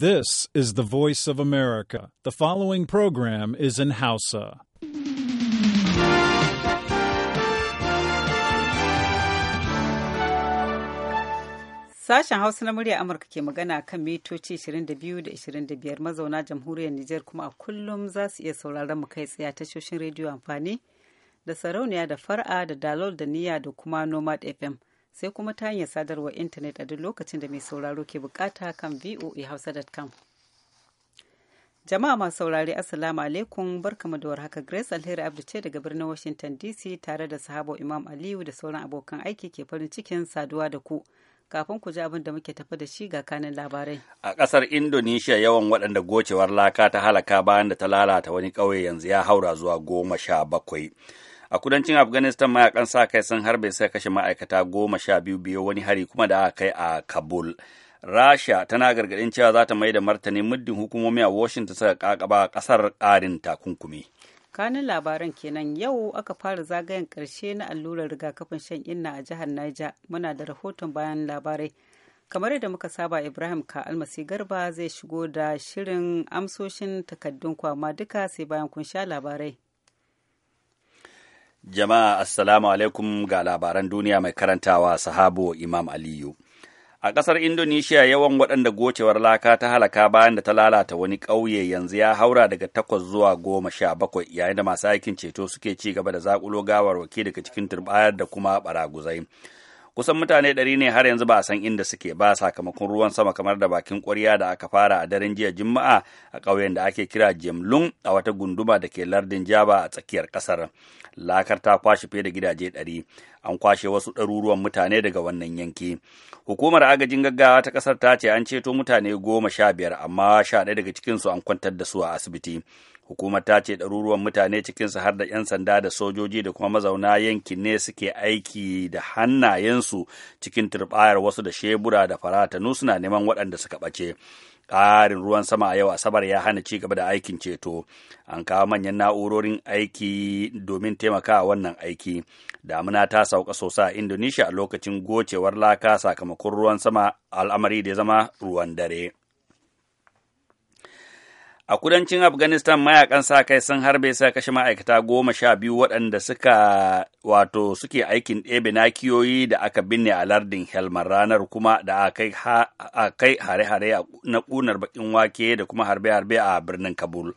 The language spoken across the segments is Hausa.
This is the voice of America. The following program is in Hausa. Sashen Hausa na murya Amurka ke magana kan mitoci 22 da 25 mazauna jamhuriyar Nijar kuma a kullum za su iya sauraron mu kai tsaye tashoshin rediyo amfani da sarauniya da far'a da dalol da niyya da kuma nomad FM. sai kuma ta hanyar sadarwar intanet a duk lokacin da mai sauraro ke bukata kan voahausa.com. Jama'a masu saurari Assalamu alaikum barkamu da warhaka Grace Alheri Abdu ce daga birnin Washington DC tare da sahabo Imam Aliyu da sauran abokan aiki ke farin cikin saduwa da ku. Kafin ku ji abin da muke tafi da shi ga kanin labarai. A ƙasar Indonesia yawan waɗanda gocewar laka ta halaka bayan da ta lalata wani ƙauye yanzu ya haura zuwa goma sha bakwai. a kudancin afghanistan mayakan sa kai sun harbe suka kashe ma'aikata goma sha biyu biyu wani hari kuma da aka kai a kabul rasha tana gargadin cewa za ta mai da martani muddin hukumomi a washington suka kakaba kasar karin takunkumi kanin labaran kenan yau aka fara zagayen karshe na allurar rigakafin shan inna a jihar niger muna da rahoton bayan labarai kamar yadda muka saba ibrahim ka almasi garba zai shigo da shirin amsoshin takaddun kwama duka sai bayan kun sha labarai Jama'a Assalamu alaikum ga labaran duniya mai karantawa sahabo Imam Aliyu. A ƙasar Indonesia yawan waɗanda gocewar laka ta halaka bayan da ta lalata wani ƙauye yanzu ya haura daga takwas zuwa goma sha bakwai yayin da masu aikin ceto suke ci gaba da zaƙulo gawarwaki daga cikin turbayar da kuma ɓaraguzai. kusan mutane ɗari ne har yanzu ba a san inda suke ba sakamakon ruwan sama kamar da bakin ƙwarya da aka fara a daren jiya juma'a a ƙauyen da ake kira jemlung a wata gunduma da ke lardin jaba a tsakiyar ƙasar lakar ta kwashe fiye da gidaje ɗari an kwashe wasu ɗaruruwan mutane daga wannan yanki hukumar agajin gaggawa ta ƙasar ta ce an ceto mutane goma sha biyar amma sha ɗaya daga cikinsu an kwantar da su a asibiti hukumar ta ce ɗaruruwan mutane cikinsu har da 'yan sanda da sojoji da kuma mazauna yankin ne suke aiki da hannayensu cikin turɓayar wasu da shebura da faratanu suna neman waɗanda suka ɓace ƙarin ruwan sama a yau asabar ya hana ci gaba da aikin ceto an kawo manyan na'urorin aiki domin taimakawa wannan aiki damuna ta sauka sosai a indonesia a lokacin gocewar laka sakamakon ruwan sama al'amari da ya zama ruwan dare A kudancin Afghanistan mayakan sa kai sun harbe sa kashe ma'aikata goma sha biyu waɗanda suka wato suke aikin ɗebe nakiyoyi da aka binne a lardin Helmar ranar kuma da akai kai hare-hare na ƙunar bakin wake da kuma harbe-harbe a birnin Kabul.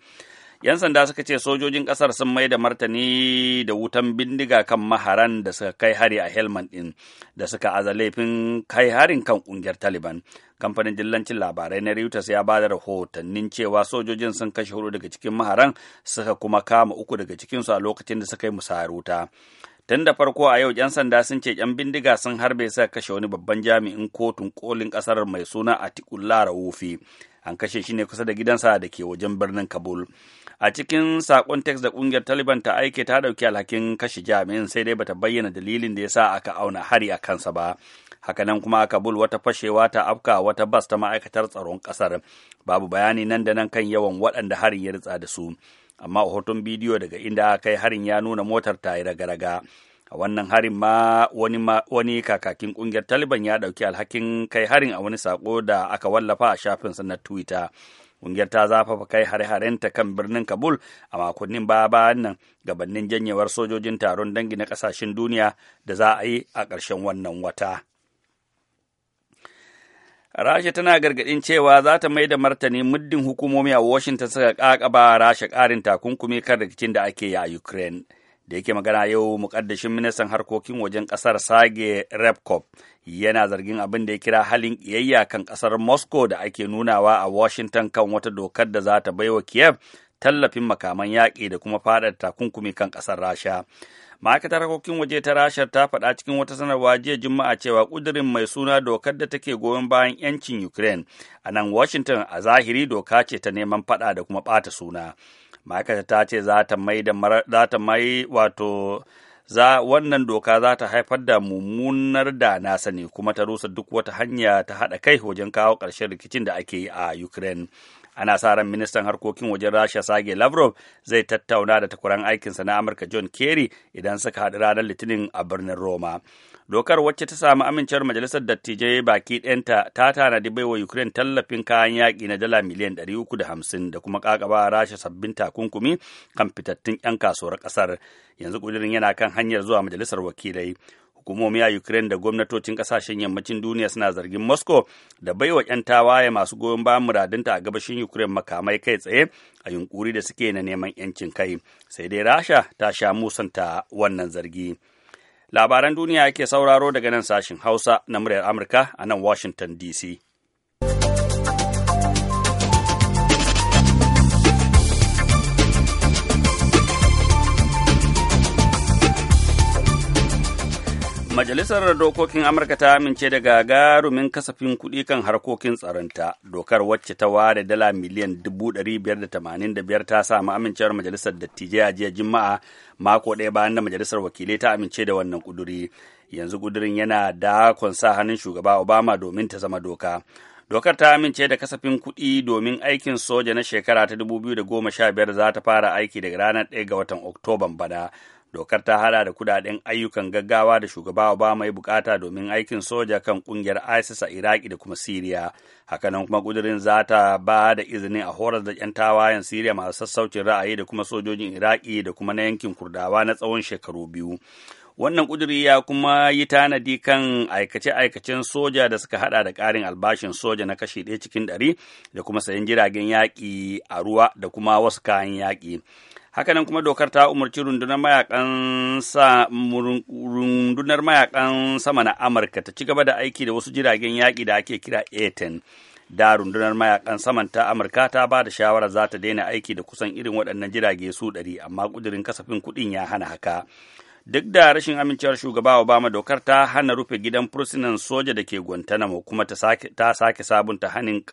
'Yan sanda suka ce sojojin ƙasar sun mai da martani da wutan bindiga kan maharan da suka kai hari a helman ɗin da suka aza laifin kai harin kan ƙungiyar Taliban. Kamfanin dillancin labarai na Reuters ya ba da rahotannin cewa sojojin sun kashe hudu daga cikin maharan suka kuma kama uku daga cikinsu a lokacin da suka yi musaruta wuta. tun da farko a yau 'yan sanda sun ce 'yan bindiga sun harbe sa kashe wani babban jami'in kotun kolin kasar mai suna atikullah rawufi an kashe shi ne kusa da gidansa da ke wajen birnin kabul a cikin sakon text da kungiyar taliban ta aike ta dauki alhakin kashe jami'in sai dai bata bayyana dalilin da yasa aka auna hari a kansa ba hakanan kuma a kabul wata fashewa ta afka wata bas ta ma'aikatar tsaron kasar babu bayani nan da nan kan yawan waɗanda harin ya ritsa da su amma a hoton bidiyo daga inda aka kai harin ya nuna motar ta yi raga-raga a wannan harin ma wani, kakakin kungiyar taliban ya ɗauki alhakin kai harin a wani sako da aka wallafa a shafinsa na twitter ƙungiyar ta zafafa kai hare-harenta kan birnin kabul a makonnin baya bayan nan gabanin janyewar sojojin taron dangi na ƙasashen duniya da za a yi a ƙarshen wannan wata Rasha tana gargaɗin cewa za ta mai da martani muddin hukumomi a Washington suka ƙaƙaba Rasha ƙarin takunkumi kan rikicin da ake yi a Ukraine. da yake magana yau mukaddashin ministan harkokin wajen kasar sage repcop yana zargin abin da ya kira halin kiyayya kan kasar moscow da ake nunawa a washington kan wata dokar da za ta baiwa kiev tallafin makaman yaƙi da kuma faɗaɗa takunkumi kan ƙasar rasha ma'aikatar harkokin waje ta rasha ta faɗa cikin wata sanarwa jiya juma'a cewa ƙudurin mai suna dokar da take goyon bayan 'yancin ukraine a nan washington a zahiri doka ce ta neman faɗa da kuma ɓata suna ma'aikata ta ce za ta mai da za ta mai wato za wannan doka za ta haifar da mummunar da na sani kuma ta rusa duk wata hanya ta haɗa kai wajen kawo ƙarshen rikicin da ake yi a Ukraine. ana sa ran ministan harkokin wajen rasha sage lavrov zai tattauna da takwaran aikinsa na amurka john kerry idan suka haɗu ranar litinin a birnin roma Dokar wacce ta samu amincewar Majalisar Dattijai baki ɗanta ta tanadi baiwa Ukraine tallafin kayan yaƙi na dala miliyan uku da hamsin da kuma ƙaƙaba rasha sabbin takunkumi kan fitattun 'yan kasuwar ƙasar. Yanzu ƙudurin yana kan hanyar zuwa Majalisar Wakilai. hukumomi a Ukraine da gwamnatocin ƙasashen yammacin duniya suna zargin Moscow da baiwa 'yan tawaye masu goyon bayan muradinta a gabashin Ukraine makamai kai tsaye a yunkuri da suke na neman 'yancin kai. Sai dai Rasha ta sha musanta wannan zargi. Labaran duniya ke sauraro daga nan sashin Hausa na muryar Amurka a nan Washington DC. Majalisar Dokokin Amurka ta amince da gagarumin kasafin kuɗi kan harkokin tsaronta. Dokar wacce ta ware dala miliyan 585 ta samu amincewar Majalisar Dattijai a jiya Juma'a mako ɗaya bayan da Majalisar Wakilai ta amince da wannan ƙuduri. Yanzu ƙudurin yana dakon sa hannun shugaba Obama domin ta zama doka. Dokar ta amince da kasafin kuɗi domin aikin soja na shekara ta 2015 za ta fara aiki daga ranar 1 ga watan Oktoban bana. dokar ta hada da kudaden ayyukan gaggawa da shugaba obama ya bukata domin aikin soja kan kungiyar isis a iraki da kuma siriya hakanan kuma kudirin za ta ba da izini a horar da yan tawayen siriya masu sassaucin ra'ayi da kuma sojojin iraki da kuma na yankin kurdawa na tsawon shekaru biyu Wannan ƙuduri ya kuma yi tanadi kan aikace-aikacen soja da suka hada da ƙarin albashin soja na kashi ɗaya cikin ɗari da kuma sayan jiragen yaƙi a ruwa da kuma wasu kayan yaƙi. Hakanan kuma dokar ta umarci rundunar mayakan sa rundunar sama na Amurka ta ci gaba da aiki da wasu jiragen yaƙi da ake kira A-10. da rundunar mayakan saman ta amurka ta ba da shawarar za ta daina aiki da kusan irin waɗannan jirage su ɗari amma ƙudurin kasafin kuɗin ya hana haka duk da rashin amincewar shugaba obama dokar ta hana rufe gidan fursunan soja da ke guantanamo kuma ta sake sabunta hana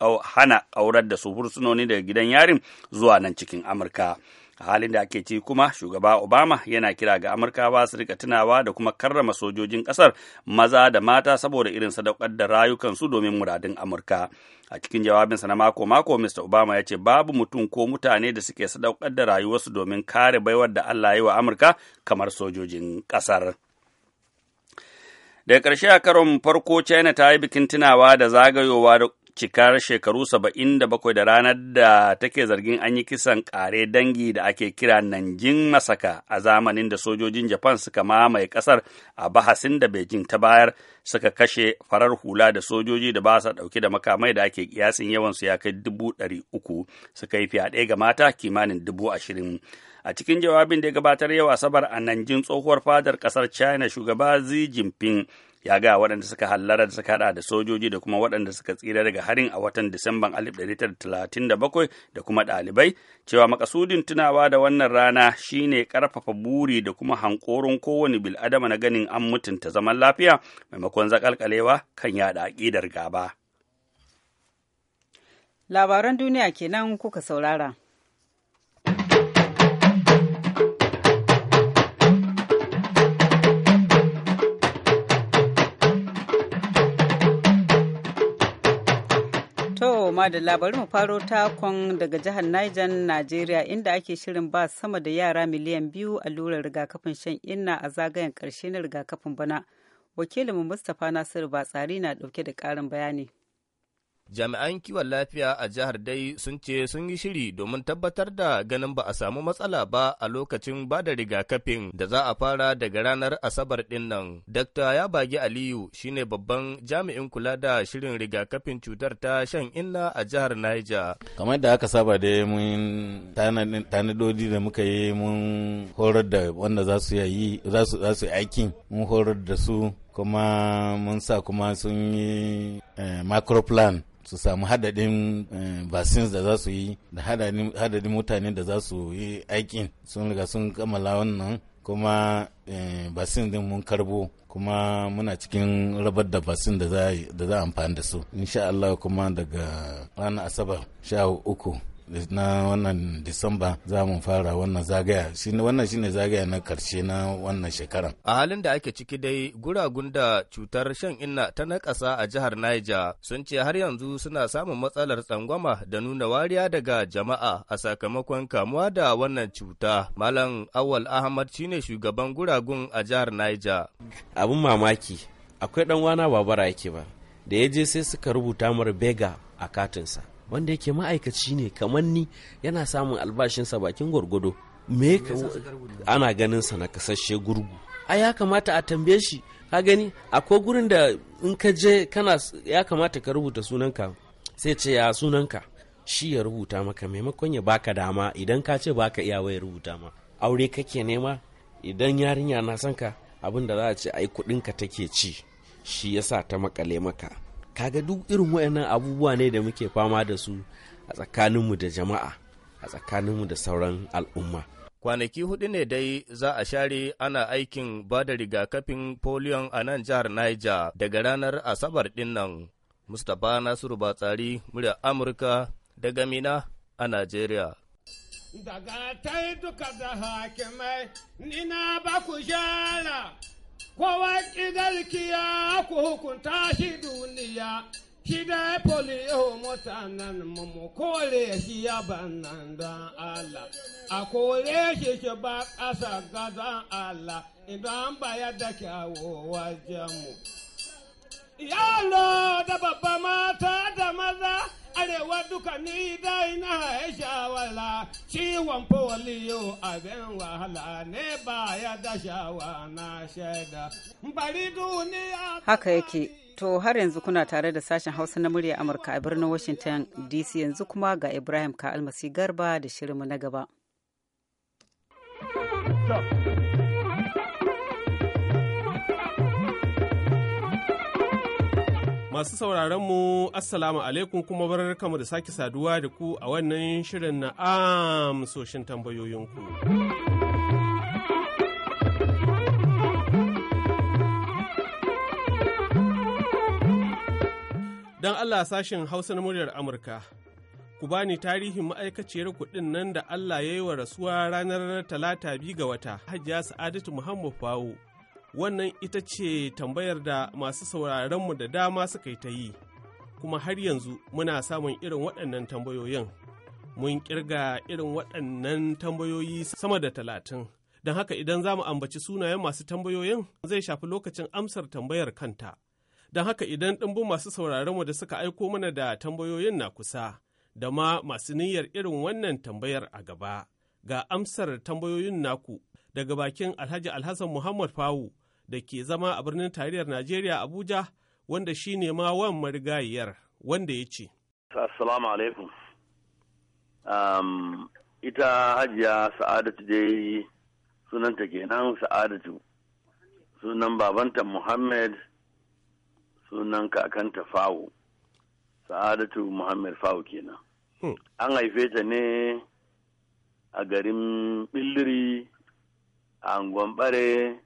ƙaurar da su fursunoni daga gidan yarin zuwa nan cikin amurka a halin da ake ci kuma shugaba obama yana kira ga amurkawa su rika tunawa da kuma karrama sojojin kasar maza da mata saboda irin sadaukar da rayukansu domin muradin amurka a cikin jawabinsa na mako-mako mr obama ya ce babu mutum ko mutane da suke sadaukar da rayuwarsu domin kare baiwar da allah ya yi wa amurka kamar sojojin kasar daga ƙarshe a karon farko china ta yi bikin tunawa da zagayowa cikar shekaru saba'in da bakwai da ranar da take zargin an yi kisan kare dangi da ake kira nanjin masaka a zamanin da sojojin japan suka mamaye kasar a bahasin da beijing ta bayar suka kashe farar hula da sojoji da ba sa dauke da makamai da ake kiyasin yawansu ya kai dubu ɗari uku suka yi fyaɗe ga mata kimanin dubu ashirin a cikin jawabin da ya gabatar yau asabar a nanjin tsohuwar fadar kasar china shugaba xi jinping ya ga waɗanda suka hallara da suka haɗa da sojoji da kuma waɗanda suka tsira daga harin a watan Disamban 1937 da kuma ɗalibai cewa makasudin tunawa da wannan rana shine ƙarfafa buri da kuma hankorin kowane bil'adama na ganin an mutunta zaman lafiya maimakon zakalkalewa kan yaɗa aƙidar gaba. Labaran duniya kenan kuka saurara. da labarin mu faro takon daga jihar Niger, Najeriya inda ake shirin ba sama da yara miliyan biyu allurar rigakafin shan inna a zagayen karshe na rigakafin bana. Wakilinmu Mustapha Nasiru Batsari na dauke da ƙarin bayani. Jami'an kiwon lafiya a jihar dai sun ce sun yi shiri domin tabbatar da ganin ba a samu matsala ba a lokacin ba da rigakafin da za a fara daga ranar Asabar ɗin nan. Dr. Yabagi Aliyu shine babban jami'in kula da shirin rigakafin cutar ta shan inna a jihar Niger. Kamar da aka saba da mun tanadodi da muka yi mun horar da wanda za su yi aikin mun horar da su kuma mun sa kuma sun yi eh, macroplan su samu hadadin eh, vaccines da za su yi da hadadin mutane da za su yi aikin sun riga sun kammala wannan kuma eh, vaccines din mun karbo kuma muna cikin rabar da vaccines da za a amfani da su insha Allah kuma daga ranar asabar sha uku na wannan disamba za mu fara wannan zagaya shine wannan shine zagaya na karshe na wannan shekaran a halin da ake ciki dai guragun da cutar shan inna ta nakasa a jihar Niger sun ce har yanzu suna samun matsalar tsangwama da nuna wariya daga jama'a a sakamakon kamuwa da wannan cuta malam awal ahmad shine shugaban guragun a jihar Niger abun mamaki akwai dan wana babara yake ba da ya je sai suka rubuta mara bega a katinsa wanda yake ma'aikaci ne kamar ni yana samun albashinsa bakin gwargwado me ana ganin sa na kasashe gurgu a ya kamata a tambaye shi ka gani akwai gurin da in ka je kana ya kamata ka rubuta sunanka sai ce ya sunanka shi ya rubuta maka maimakon ya baka dama idan ka ce baka iya ya rubuta ma aure kake nema idan yarinya na sanka abinda abin za a ce ai kudinka take ci shi yasa ta makale maka kaga duk irin wayannan abubuwa ne da muke fama da su a tsakaninmu da jama'a a tsakaninmu da sauran al'umma kwanaki hudu ne dai za a share ana aikin ba da rigakafin polion a nan jihar niger daga ranar asabar dinnan mustapha nasiru batsari murya amurka daga mina a nigeria daga ta duka da hakimai nina ba ku shara kowa ƙidarkiya ku hukunta shi duniya shi da polio mutanen mu kore shi ya bannan don Allah a kore shi shi ba ƙasa ga don Allah idan ba ya da kyawo wajen mu. yalo da babba mata da maza arewa duka ni dai na haisha wala ciwon foliyo abin wahala ne ba ya dashawa na shaida bari duniya haka yake to har yanzu kuna tare da sashen hausa na murya amurka a birnin washington dc yanzu kuma ga ibrahim ka almasi garba da shirinmu na gaba Stop. Masu sauraron mu Assalamu alaikum kuma barar kama da sake saduwa da ku a wannan shirin na amsoshin tambayoyinku. Don Allah sashin Hausa na muryar Amurka. Ku bani tarihin ma'aikaciyar kuɗin nan da Allah ya yi wa rasuwa ranar talata biyu ga wata, Hajiya Sa'adatu Muhammad Fawo. Wannan ita ce tambayar da masu sauraronmu da dama suka yi ta yi, kuma har yanzu muna samun irin waɗannan tambayoyin. Mun kirga irin waɗannan tambayoyi sama da talatin, don haka idan za mu ambaci sunayen masu tambayoyin zai shafi lokacin amsar tambayar kanta. Don haka idan ɗumbin masu sauraronmu da suka aiko mana da tambayoyin na kusa, da ma masu niyyar irin wannan tambayar a gaba. Ga amsar tambayoyin naku daga bakin Alhaji Alhassan Muhammad Fawu da ke zama a birnin tarayyar Najeriya Abuja wanda shi ne ma wan marigayiyar wanda ya ce. Assalamu alaikum. Um, ita hajiya sa'adatu dai sunanta kenan sa'adatu sunan babanta Muhammad sunan kakanta Fawo. Sa'adatu Muhammad Fawo kenan. Hmm. An haife ta ne a garin Billiri a Angon Bare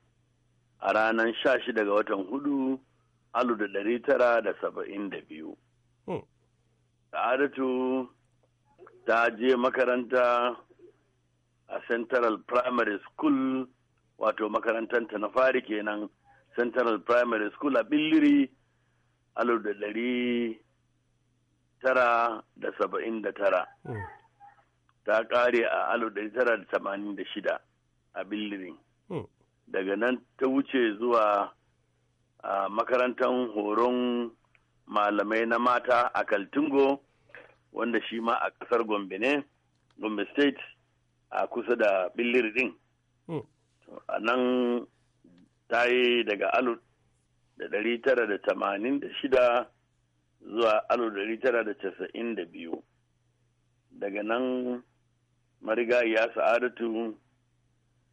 a ranar sha shi ga watan hudu alu da ɗari tara da saba'in da biyu. Hmm. adatu ta je makaranta a Central Primary School wato makarantanta na fari kenan Central Primary School a Billiri alu da ɗari tara da saba'in da tara. Hmm. Ta ƙare a alu da tara da tamanin da shida a Billirin. Hmm. daga nan ta wuce zuwa a makarantar horon malamai na mata a kaltungo wanda shi ma a kasar gombe ne gombe state a kusa da billir din hmm. a nan ta yi daga alu da dari tara da tamanin da shida zuwa da dari tara da casa'in da biyu daga nan marigayi ya sa'adatu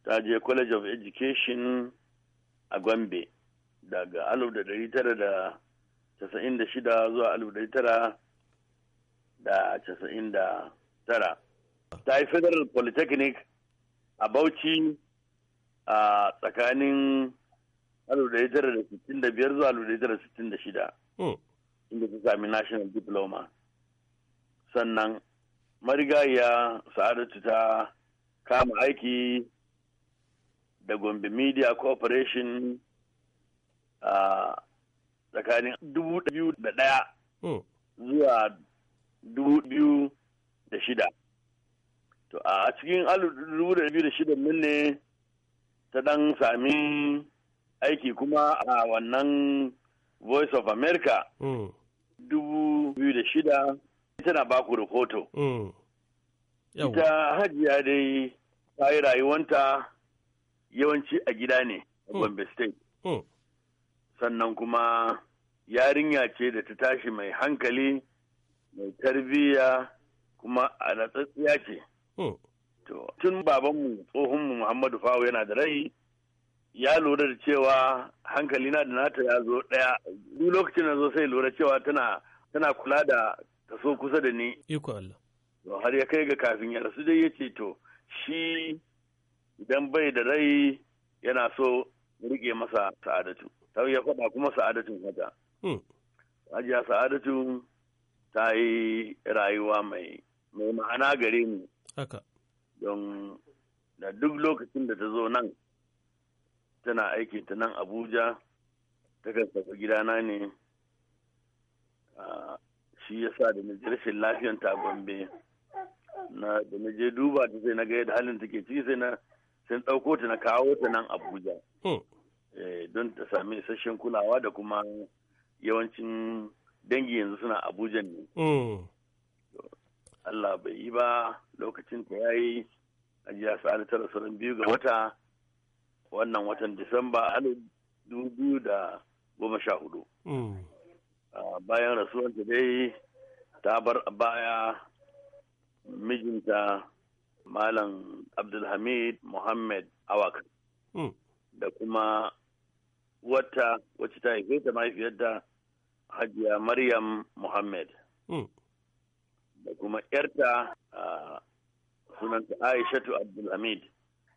ta je college of education a gombe daga 1996 zuwa 1999 ta yi federal polytechnic a bauchi a tsakanin 1965 zuwa 1966 hmm. inda ta sami national diploma sannan marigayya sa'adatu ta kama aiki da Gombe Media Corporation a tsakanin dubu biyu da ɗaya hmm. zuwa dubu biyu da shida. To a cikin dubu da biyu da shida nan ne ta ɗan sami aiki kuma a wannan Voice of America hmm. dubu biyu da shida tana baku rahoto. Hmm. Ita hajiya dai ta yi rayuwanta yawanci a gida ne a hmm. Gombe State. Hmm. Sannan kuma yarinya ce da ta tashi mai hankali, mai tarbiyya kuma a natsatsiya ce. Hmm. To, tun babanmu tsohonmu Muhammadu Fawo yana da rai, ya lura da cewa hankali na da nata ya zo ɗaya. Duk lokacin na zo sai lura cewa tana kula da taso kusa da ni. Iko Allah. Har ya kai ga kafin ya rasu dai ya ce to, shi idan bai da rai yana so rike masa sa'adatu ta ya faɗa kuma sa'adatun haka hmm. hajiya sa'adatu ta yi rayuwa mai ma'ana gare mu don da duk lokacin da ta zo nan tana aiki ta nan abuja ta kan tafi gidana ne shi ya sa da naje rashin lafiyan ta na da naje duba ta sai na ga yadda halin take ciki sai na sun ɗauko ta na kawo ta nan abuja hmm. eh, don ta sami isasshen kulawa da kuma yawancin dangi yanzu suna abuja ne hmm. allah bai yi ba lokacin ta ya yi ajiya sa'adu tara sauran biyu ga wata wannan watan disamba alif dubu da goma sha hudu hmm. bayan rasuwanta dai ta bar a baya mijinta Malam Abdulhamid Muhammad Awak. Hmm. Da kuma wata wacce ta haife ta mahaifiyarta Hajiya Maryam Muhammad. Hmm. Da kuma ‘yarta sunanta Aishatu Abdulhamid.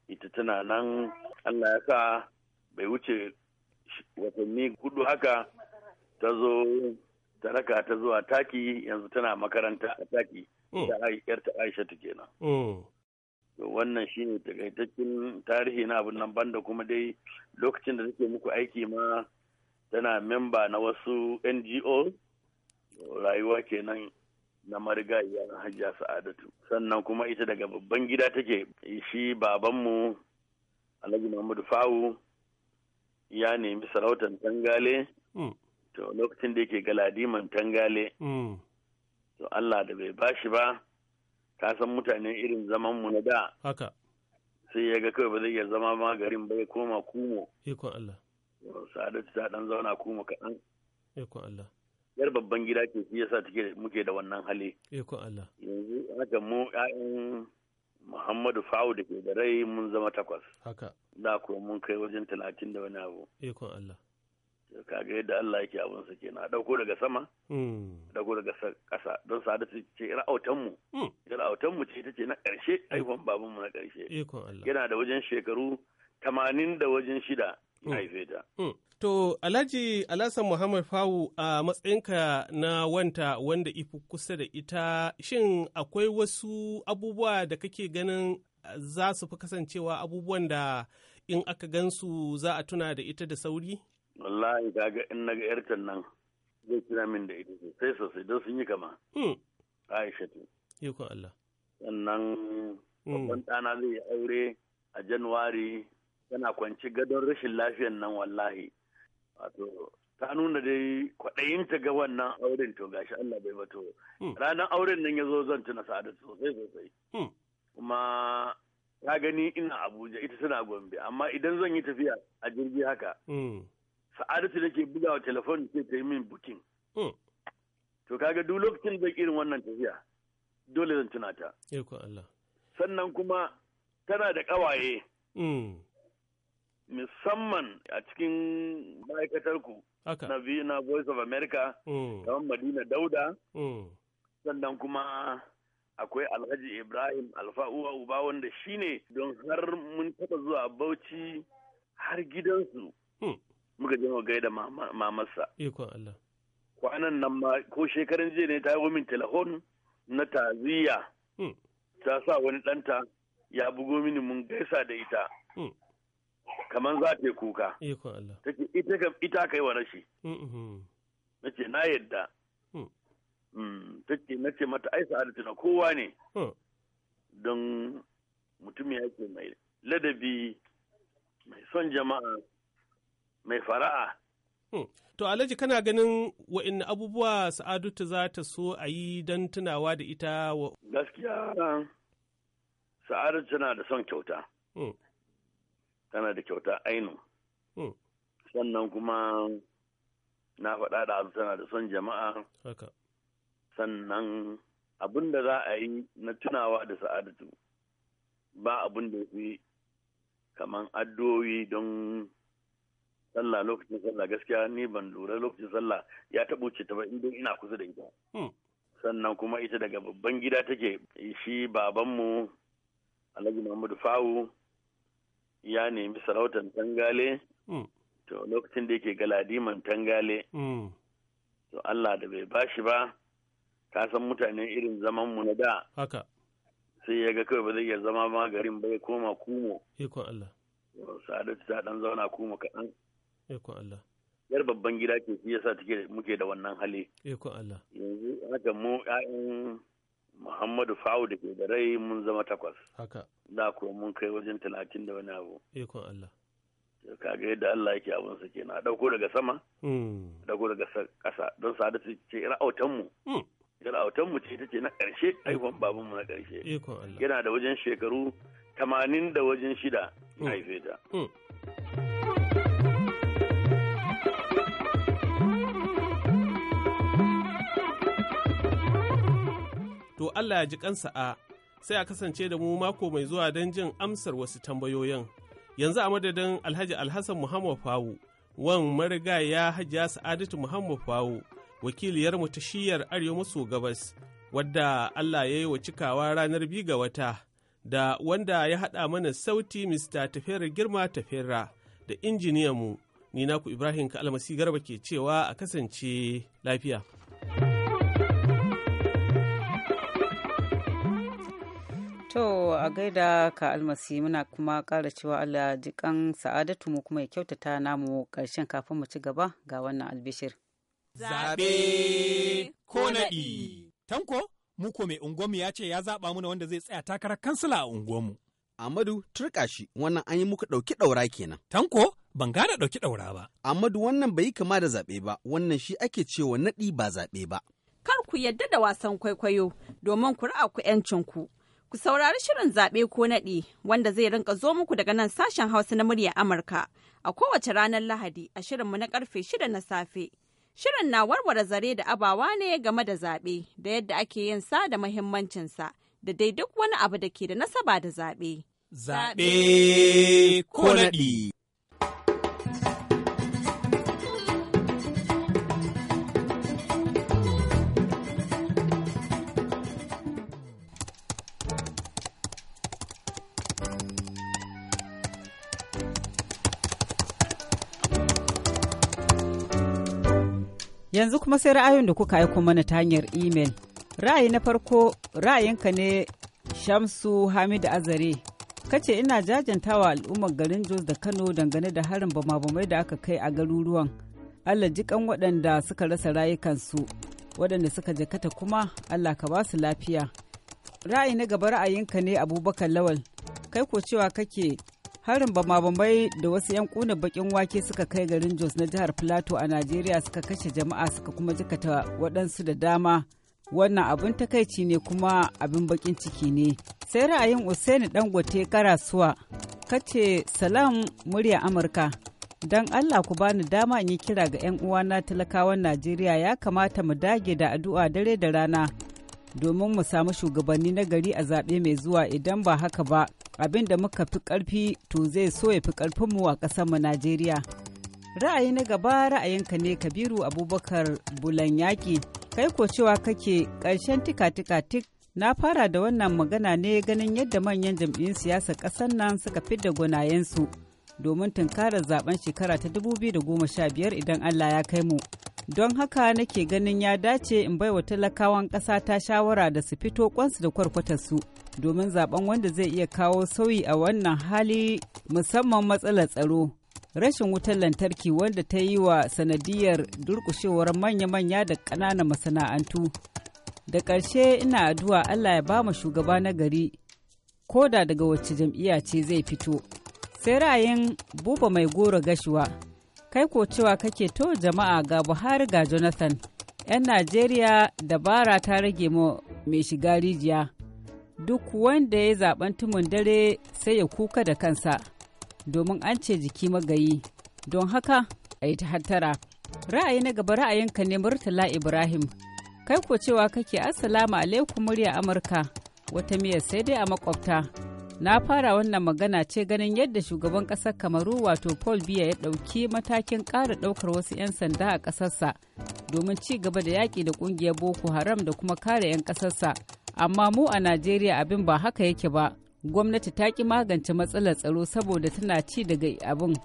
Ita tana nan Allah ya sa bai wuce watanni hudu haka ta zo ta raka ta zuwa taki yanzu tana makaranta a taki. Da hmm. ‘yarta Aishatu kenan. wannan shine takaitaccen tarihi na abin nan banda kuma dai lokacin da take muku aiki ma tana memba na wasu ngo rayuwa kenan na marigayya na hajja sa'adatu sannan kuma ita daga babban gida take shi babanmu alhaji muhammadu fawu ya nemi sarautar tangale mm. to lokacin da yake galadiman tangale mm. to allah da bai bashi ba ka san mutane irin zaman mu na da haka sai ya ga kawai ba zai iya zama ma garin ba ya koma kumo ikon Allah sa'adatu ta dan zauna kumo kaɗan ikon Allah yar babban gida ke shi yasa take muke da wannan hali ikon Allah yanzu haka mu ƴaƴan Muhammadu Fa'u da ke da rai mun zama takwas haka da ko mun kai wajen talatin da wani abu ikon Allah kaga yadda Allah yake abin sa kenan a dauko daga sama dauko hmm. daga ƙasa don sada ta ce ra'autan mu hmm. ra'autan mu ce ta ce na ƙarshe aifan baban mu na ƙarshe yana da wajen shekaru tamanin da wajen shida ya hmm. haife ta To Alhaji Alhassan Muhammad Fawu a matsayinka na wanta wanda ifi kusa da ita shin akwai wasu abubuwa da kake ganin za su fi kasancewa abubuwan da in aka gansu za a tuna da ita da sauri? wallahi kaga in naga 'yarta nan zai kira min da ita sosai sosai don sun yi kama hmm. aisha ce iko Allah sannan hmm. babban ɗana zai yi aure a januwari tana kwanci gadon rashin lafiyan nan wallahi wato ta nuna dai kwaɗayinta ga wannan auren to gashi Allah bai bato hmm. ranar auren nan ya zo zan tuna sa'adar sosai sosai kuma ta gani ina Abuja ita tana Gombe amma idan zan yi tafiya a jirgi haka sa'adatu ke buga wa telefon sai ta yi min bukin hmm. to kaga duk lokacin da irin wannan tafiya dole zan tuna ta Allah sannan kuma tana da ƙawaye hmm. musamman a cikin ma'aikatarku na na voice of america hmm. kamar madina dauda sannan kuma akwai alhaji ibrahim Uwa uba wanda shine don har mun taba zuwa bauchi har gidansu muka je mu gaida mamarsa ikon Allah kwanan nan ma ko shekarun jiya ne ta yi min telefon na taziya hmm. ta sa wani ɗanta ya bugo mini mun gaisa da ita hmm. kamar za ta yi kuka ita kai wa rashi hmm, na ce na yadda ta ce na ce mata aisa adalci na kowa ne don mutum ya ce mai ladabi mai son jama'a mai fara'a. Hmm. To Alhaji kana ganin wa'in abubuwa sa'adatu za ta so a yi don tunawa da ita wa. Gaskiya sa'adatu tana da son kyauta. Hmm. Tana da kyauta ainu. Hmm. Sannan kuma na faɗa da abu tana da son jama'a. Sannan abin da za a yi na tunawa da sa'adatu ba abin da ya fi kaman addowi don sallah lokacin sallah gaskiya ni ban lura lokacin sallah ya taɓo ce ta ba in ina kusa da ita hmm. sannan kuma ita daga babban gida take shi babanmu alhaji muhammadu fawu ya nemi sarautar tangale hmm. to lokacin da yake galadiman tangale hmm. to allah da bai bashi ba ka san mutane irin zamanmu na da haka sai ya ga kawai ba zai iya zama ma garin bai koma kumo Iko allah Sa'adatu ta dan zauna kumo kaɗan Ikon Allah. Yar babban gida ke shi yasa take muke da wannan hali. Ikon Allah. Yanzu haka mu ƴaƴan Muhammadu Fawu da ke da rai mun zama takwas. Haka. Da kuma mun kai wajen talatin da wani abu. Ikon Allah. kaga yadda Allah yake abin sa kenan a dauko daga sama dauko hmm. daga ƙasa don su ce ra'autan mu hmm. ce mu ce na ƙarshe aiwan babanmu mu na ƙarshe yana da wajen shekaru tamanin da wajen shida hmm. haife ta to Allah ya ji kansa a sai a kasance da mu mako mai zuwa don jin amsar wasu tambayoyin. Yanzu a madadin Alhaji Alhassan Muhammad Fawu, wan marigaya Hajiya Sa'adatu Muhammad Fawu, mu ta shiyar Arewa maso gabas, wadda Allah ya yi wa cikawa ranar biyu ga wata, da wanda ya haɗa mana sauti Mr. Tafera Girma Tafera da injiniyanmu, ni naku Ibrahim Kalmasi Garba ke cewa a kasance lafiya. To a gaida ka almasi muna kuma ƙara cewa Allah jikan sa'adatu mu kuma ya kyautata namu ƙarshen kafin mu ci gaba ga wannan albishir. Zaɓe ko naɗi. Tanko, mu ko mai unguwanmu ya ce ya zaɓa muna wanda zai tsaya takarar kansila a unguwanmu. Amadu turka shi wannan an yi muka ɗauki ɗaura kenan. Tanko, ban gane ɗauki ɗaura ba. Amadu wannan bai yi kama da zaɓe ba, wannan shi ake cewa naɗi ba zaɓe ba. Kar ku yadda da wasan kwaikwayo domin ku ra'a ku 'yancinku. Ku saurari shirin zaɓe ko naɗi wanda zai rinka zo muku daga nan sashen Hausa na muryar Amurka a kowace ranar Lahadi a shirinmu na karfe shida na safe. Shirin na warware zare da abawa ne game da zaɓe da yadda ake yin sa da muhimmancinsa da dai duk wani abu da ke da nasaba da zaɓe. Zaɓe ko naɗi. Yanzu kuma sai ra'ayin da kuka aiko mana ta hanyar imel. Ra'ayi na farko ra'ayinka ne Shamsu Hamid Azare. Kace ina jajanta wa al'ummar garin Jos da Kano dangane da harin bama-bamai da aka kai a garuruwan. Allah jikan waɗanda suka rasa rayukansu, waɗanda suka jakata kuma Allah ka ba su lafiya. Ra'ayi na gaba ra'ayinka ne Abubakar Lawal. Kai ko cewa kake harin bama bambai da wasu 'yan kuna bakin wake suka kai garin jos na jihar plateau a najeriya suka kashe jama'a suka kuma jikata waɗansu da dama wannan abin takaici ne kuma abin bakin ciki ne sai ra'ayin usaini dangote karasuwa kace salam murya amurka don allah ku bani dama in yi kira ga 'yan uwana talakawan najeriya ya kamata mu dage da addu'a dare da rana domin mu samu shugabanni na gari a zaɓe mai zuwa idan ba haka ba abin da muka fi ƙarfi to zai so ya fi ƙarfinmu a ƙasarmu Najeriya. Ra'ayi na gaba ra'ayinka ne Kabiru Abubakar Bulan Yaƙi, kai ko cewa kake ƙarshen tika-tika tik na fara da wannan magana ne ganin yadda manyan jam'iyyun siyasar ƙasar nan suka fidda gwanayensu domin tunkarar zaben shekara ta 2015 idan Allah ya kai mu. don haka nake ganin ya dace in bai wa talakawan ƙasa ta shawara da su fito kwansu da kwarkwatarsu domin zaben wanda zai iya kawo sauyi a wannan hali musamman matsalar tsaro rashin wutar lantarki wanda ta yi wa sanadiyar durƙushewar manya-manya da ƙananan masana'antu da ƙarshe ina addu'a allah ya ba shugaba na gari ko da daga wacce jam'iyya ce zai fito sai ra'ayin buba mai goro gashuwa kai ko cewa kake to jama'a ga buhari ga jonathan 'yan najeriya dabara ta rage mu mai shiga rijiya duk wanda ya zaben tumun dare sai ya kuka da kansa domin an ce jiki magayi don haka a yi ta hattara ra'ayi na gaba ra'ayinka ne murtala ibrahim kai ko cewa kake assalamu alaikum murya amurka wata miyar sai dai a makwabta na fara wannan magana ce ganin yadda shugaban ƙasar kamaru wato paul biya ya ɗauki matakin ƙara ɗaukar wasu 'yan sanda a ƙasarsa domin ci gaba da yaƙi da ƙungiyar boko haram da kuma kare 'yan ƙasarsa amma mu a najeriya abin ba haka yake ba gwamnati ta ki magance matsalar tsaro saboda tana ci daga abin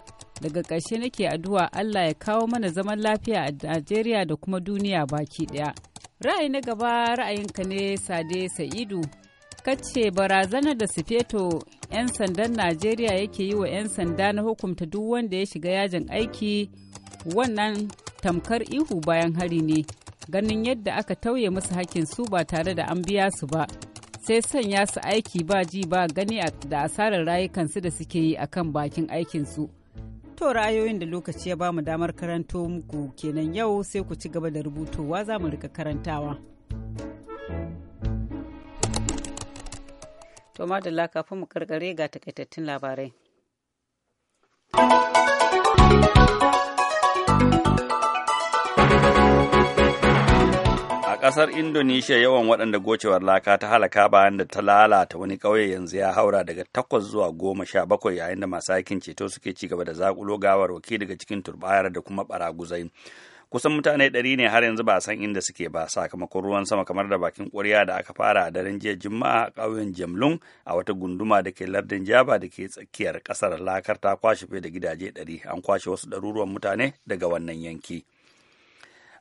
daga ƙarshe nake addu'a allah ya kawo mana zaman lafiya a najeriya da kuma duniya baki ɗaya ra'ayi na gaba ra'ayinka ne sade sa'idu kace barazana da sifeto 'yan sandan najeriya yake yi wa 'yan sanda na hukumta duk wanda ya shiga yajin aiki wannan tamkar ihu bayan hari ne ganin yadda aka tauye musu hakkin su ba tare da an biya su ba sai sanya su aiki ba ji ba gani da asarar rayukansu da suke yi akan bakin aikinsu to ra'ayoyin da lokaci ya bamu damar karanto muku kenan yau sai ku ci gaba da rubutowa za mu rika karantawa. To madalla kafin mu karkare ga takaitattun labarai. A ƙasar Indonesia yawan waɗanda gocewar laka ta halaka bayan da ta lalata wani ƙauye yanzu ya haura daga takwas zuwa goma sha bakwai yayin da masu aikin ceto suke ci gaba da zaƙulo gawarwaki daga cikin turbayar da kuma ɓaraguzai. kusan mutane ɗari ne har yanzu ba a san inda suke ba sakamakon ruwan sama kamar da bakin ƙwarya da aka fara a daren jiya juma'a a ƙauyen jamlun a wata gunduma da ke lardin jaba da ke tsakiyar ƙasar lakar ta kwashe fiye da gidaje ɗari an kwashe wasu ɗaruruwan mutane daga wannan yanki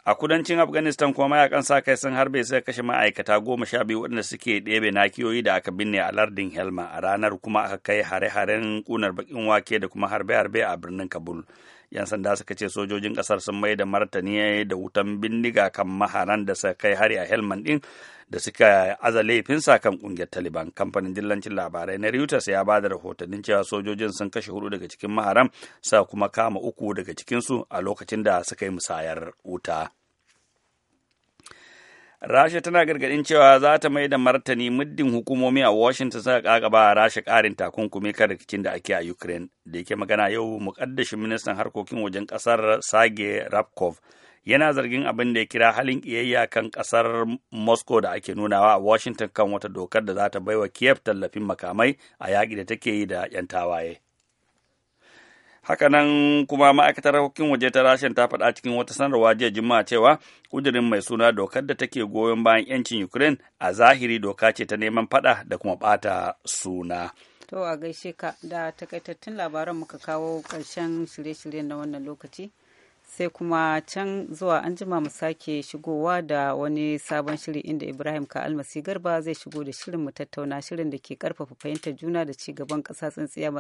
a kudancin afghanistan kuma mayakan sa kai sun harbe sai kashe ma'aikata goma sha biyu waɗanda suke ɗebe nakiyoyi da aka binne a lardin helma a ranar kuma aka kai hare-haren kunar bakin wake da kuma harbe-harbe a birnin kabul 'yan sanda suka ce sojojin kasar sun mai da martani da wutan bindiga kan maharan da suka kai hari a helman din da suka aza laifinsa kan kungiyar taliban kamfanin dillancin labarai na reuters ya ba da rahotannin cewa sojojin sun kashe hudu daga cikin maharan sa kuma kama uku daga cikinsu a lokacin da suka yi musayar wuta. Rasha tana gargadin cewa za ta mai da martani muddin hukumomi a Washington suka kakaba a Rasha karin takunkumi kan rikicin da ake a Ukraine. Da yake magana yau mukaddashin ministan harkokin wajen ƙasar Sage Rapkov yana zargin abin da ya kira halin kiyayya kan ƙasar Moscow da ake nunawa a Washington kan wata dokar da za ta baiwa Kiev tallafin makamai a yaƙi da take yi da 'yan tawaye. haka nan kuma ma'aikatar harkokin waje ta rashin ta faɗa cikin wata sanarwa jiya juma'a cewa kudirin mai suna dokar da take goyon bayan yancin ukraine a zahiri doka ce ta neman faɗa da kuma bata suna to a gaishe ka da takaitattun labaran muka kawo karshen shirye-shiryen na wannan lokaci sai kuma can zuwa an jima mu sake shigowa da wani sabon shiri inda ibrahim ka almasi garba zai shigo da shirin mu tattauna shirin da ke karfafa fahimtar juna da ci gaban ƙasa tsintsiya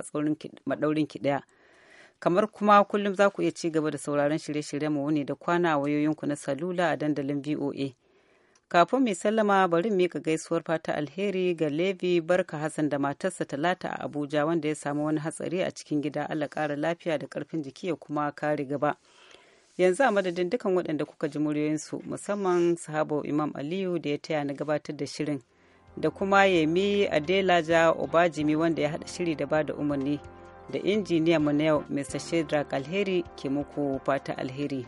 maɗaurin ki daya. kamar kuma kullum za ku iya ci gaba da sauraron shirye-shirye mu wuni da kwana a wayoyinku na salula a dandalin voa kafin mai sallama bari mika gaisuwar fata alheri ga levi barka hassan da matarsa talata a abuja wanda ya samu wani hatsari a cikin gida allah ƙara lafiya da ƙarfin jiki ya kuma kare gaba yanzu a madadin dukan waɗanda kuka ji muryoyinsu musamman sahabo imam aliyu da ya taya na gabatar da shirin da kuma yemi adelaja obajimi wanda ya haɗa shiri da bada umarni da injiniya mu na yau mr shedrack alheri ke muku fata alheri